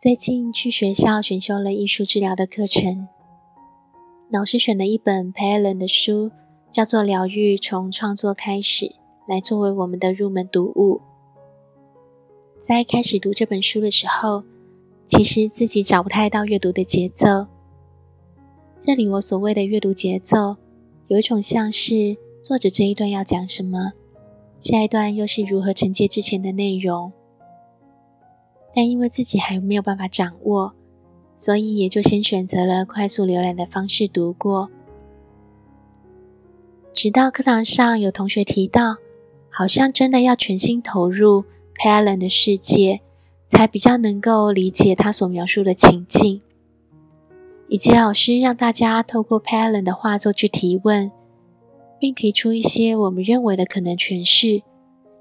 最近去學校選修了藝術治療的課程，老師選了一本培爾 n 的書，叫做《療癒從創作開始》，來作為我們的入門讀物。在開始讀這本書的時候，其實自己找不太到閱讀的節奏。這裡我所謂的閱讀節奏，有一種像是作者這一段要講什麼，下一段又是如何承接之前的內容。但因為自己還沒有辦法掌握，所以也就先選擇了快速瀏覽的方式讀過。直到課堂上有同學提到，好像真的要全心投入 Pat Allen 的世界，才比較能夠理解他所描述的情境。以及老師讓大家透過 Pat Allen 的畫作去提問，並提出一些我們認為的可能詮釋，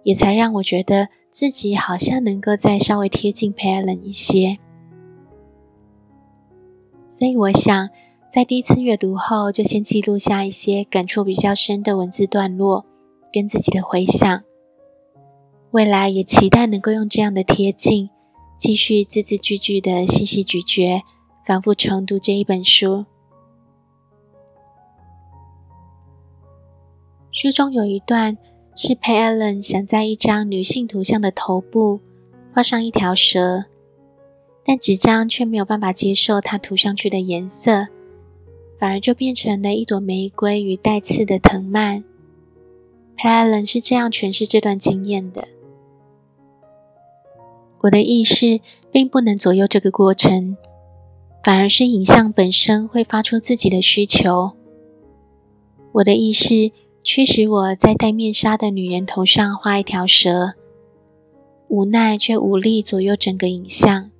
也才讓我覺得。自己好像能夠再稍微貼近 Pat Allen 一些，所以我想在第一次閱讀後，就先記錄下一些感觸比較深的文字段落跟自己的回想。未來也期待能夠用這樣的貼近，繼續字字句句的細細咀嚼，反復重讀這一本書。書中有一段。是佩艾倫想在一張女性圖像的頭部畫上一條蛇，但紙張卻沒有辦法接受她塗上去的顏色，反而就變成了一朵玫瑰與帶刺的藤蔓。佩艾倫是這樣詮釋這段經驗的：我的意識並不能左右這個過程，反而是影像本身會發出自己的需求。我的意識。驅使我在戴面紗的女人頭上畫一條蛇，無奈卻無力左右整個影像，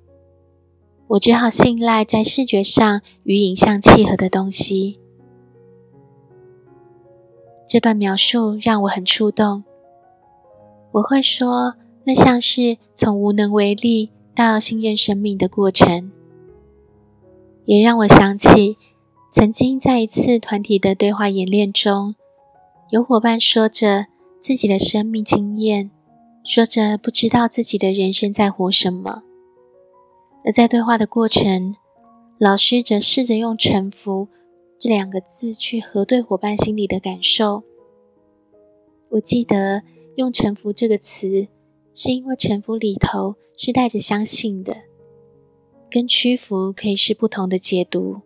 我只好信賴在視覺上與影像契合的東西。這段描述讓我很觸動。我會說，那像是從無能為力到信任生命的過程，也讓我想起曾經在一次團體的對話演練中，有夥伴說着自己的生命經驗，說着不知道自己的人生在活什麼。而在對話的過程，老師則試着用“臣服”這兩個字去核對夥伴心裡的感受。我記得用“臣服”這個詞，是因為“臣服”裡頭是帶着相信的，跟屈服可以是不同的解讀。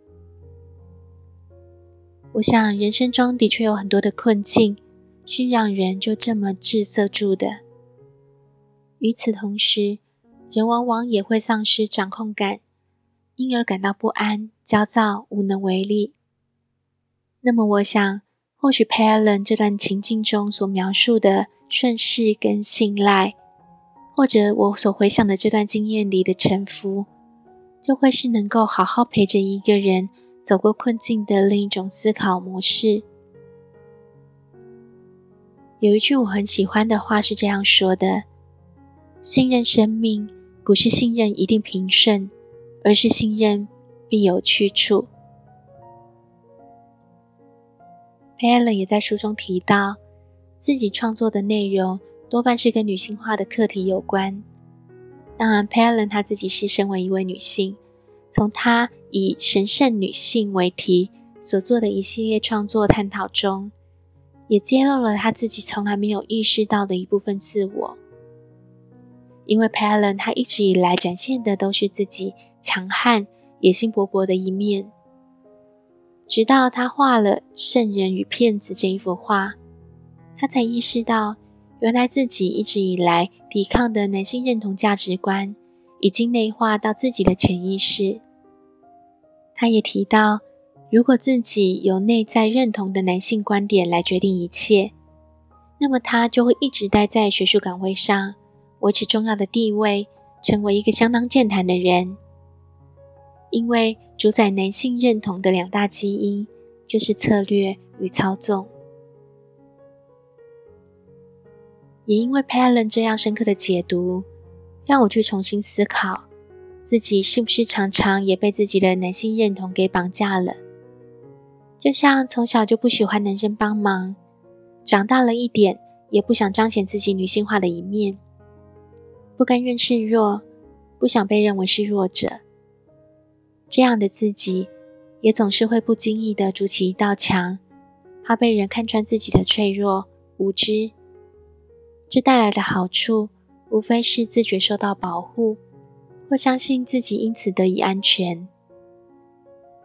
我想，人生中的確有很多的困境是讓人就這麼滯澀住的。與此同時，人往往也會喪失掌控感，因而感到不安、焦躁、無能為力。那麼，我想，或許 Pat Allen 這段情境中所描述的順勢跟信賴，或者我所回想的這段經驗裡的沉浮，就會是能夠好好陪着一個人走過困境的另一種思考模式，有一句我很喜歡的話是這樣說的：“信任生命，不是信任一定平順，而是信任必有去處。” Pat Allen 也在書中提到，自己創作的內容多半是跟女性化的課題有關。當然，Pat Allen 她自己是身為一位女性。從他以神聖女性為題所做的一系列創作探討中，也揭露了他自己從來沒有意識到的一部分自我。因為 Pat Allen 她他一直以來展現的都是自己強悍、野心勃勃的一面，直到他畫了《聖人與騙子》這一幅畫，他才意識到，原來自己一直以來抵抗的男性認同價值觀，已經內化到自己的潛意識。他也提到，如果自己由內在認同的男性觀點來決定一切，那麼他就會一直待在學術崗位上，維持重要的地位，成為一個相當健談的人。因為主宰男性認同的兩大基因就是策略與操縱。也因為 Pat Allen 這樣深刻的解讀，讓我去重新思考。自己是不是常常也被自己的男性認同給綁架了？就像從小就不喜歡男生幫忙，長大了一點也不想彰顯自己女性化的一面，不甘願示弱，不想被認為是弱者。這樣的自己，也總是會不經意的築起一道牆，怕被人看穿自己的脆弱、無知。這帶來的好處，無非是自覺受到保護。或相信自己因此得以安全，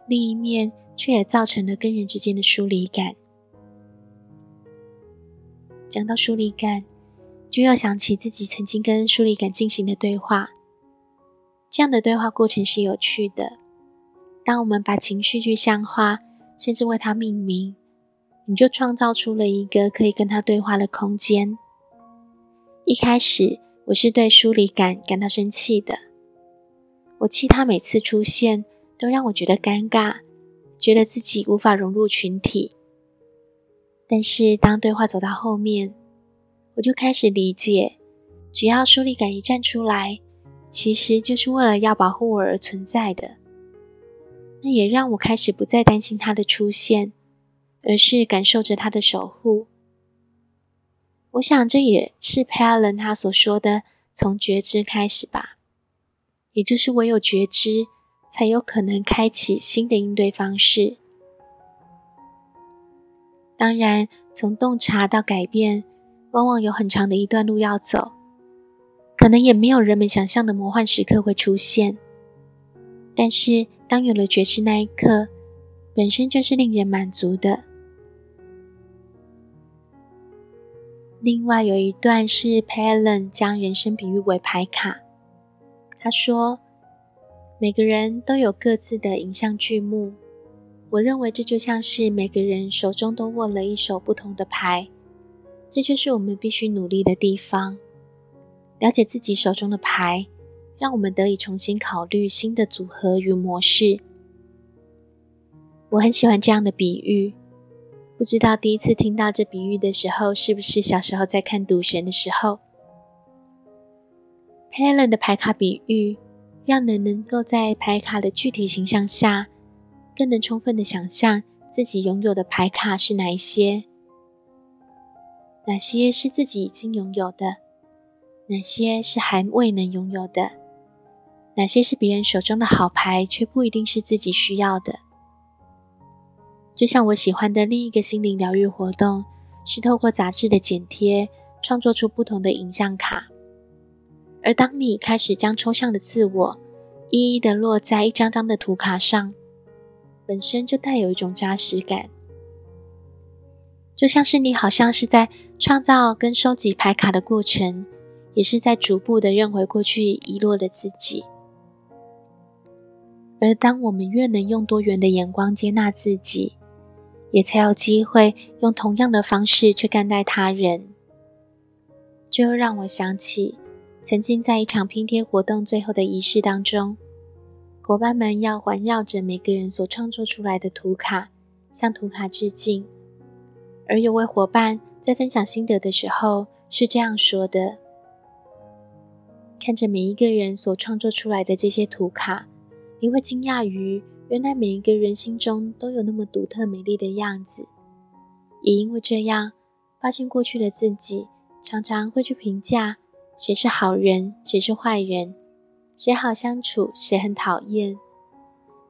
另一面卻也造成了跟人之間的疏離感。講到疏離感，就要想起自己曾經跟疏離感進行的對話。這樣的對話過程是有趣的。當我們把情緒具象化，甚至為它命名，你就創造出了一個可以跟它對話的空間。一開始，我是對疏離感感到生氣的。我氣他每次出現都讓我覺得尷尬，覺得自己無法融入群體。但是當對話走到後面，我就開始理解，只要疏離感一站出來，其實就是為了要保護我而存在的。那也讓我開始不再擔心他的出現，而是感受着他的守護。我想這也是 Pat Allen 他所說的“從覺知開始”吧。也就是唯有覺知，才有可能開啟新的應對方式。當然，從洞察到改變，往往有很長的一段路要走，可能也沒有人們想象的魔幻時刻會出現。但是，當有了覺知那一刻，本身就是令人滿足的。另外，有一段是 Pat Allen 將人生比喻為牌卡。他說：“每個人都有各自的影像劇目，我認為這就像是每個人手中都握了一手不同的牌，這就是我們必須努力的地方。了解自己手中的牌，讓我們得以重新考慮新的組合與模式。我很喜歡這樣的比喻，不知道第一次聽到這比喻的時候，是不是小時候在看《賭神》的時候？” Allen 的牌卡比喻，讓人能夠在牌卡的具體形象下，更能充分的想象自己擁有的牌卡是哪一些，哪些是自己已經擁有的，哪些是還未能擁有的，哪些是別人手中的好牌，卻不一定是自己需要的。就像我喜歡的另一個心靈療癒活動，是透過雜誌的剪貼，創作出不同的影像卡。而當你開始將抽象的自我一一的落在一張張的圖卡上，本身就帶有一種扎實感，就像是你好像是在創造跟收集牌卡的過程，也是在逐步的認回過去遺落的自己。而當我們越能用多元的眼光接納自己，也才有機會用同樣的方式去看待他人。這又讓我想起，曾經在一場拼貼活動最後的儀式當中，伙伴們要環繞着每個人所創作出來的圖卡，向圖卡致敬。而有位伙伴在分享心得的時候是這樣說的：“看着每一個人所創作出來的這些圖卡，你會驚訝於原來每一個人心中都有那麼獨特美麗的樣子。也因為這樣，發現過去的自己常常會去評價。”誰是好人，誰是壞人，誰好相處，誰很討厭，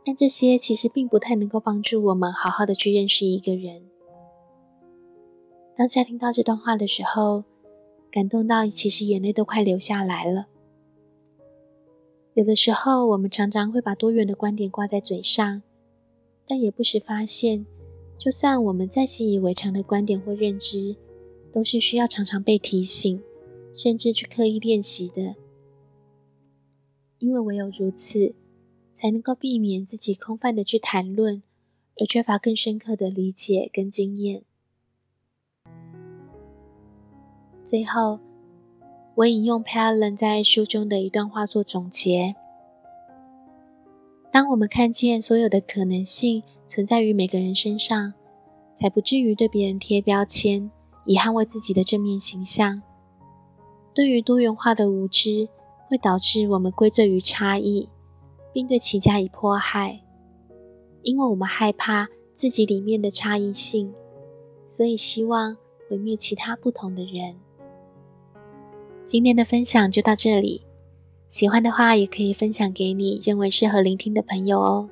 但這些其實並不太能夠幫助我們好好的去認識一個人。當下聽到這段話的時候，感動到其實眼淚都快流下來了。有的時候，我們常常會把多元的觀點掛在嘴上，但也不時發現，就算我們再習以為常的觀點或認知，都是需要常常被提醒，甚至去刻意練習的，因為唯有如此，才能夠避免自己空泛地去談論，而缺乏更深刻的理解跟經驗。 最後，我引用 Allen 在書中的一段話做總結：當我們看見所有的可能性存在於每個人身上，才不至於對別人貼標籤，以捍衛自己的正面形象。對於多元化的無知，會導致我們歸罪於差異，並對其加以迫害。因為我們害怕自己裡面的差異性，所以希望毀滅其他不同的人。今天的分享就到這裡，喜歡的話也可以分享給你認為適合聆聽的朋友哦。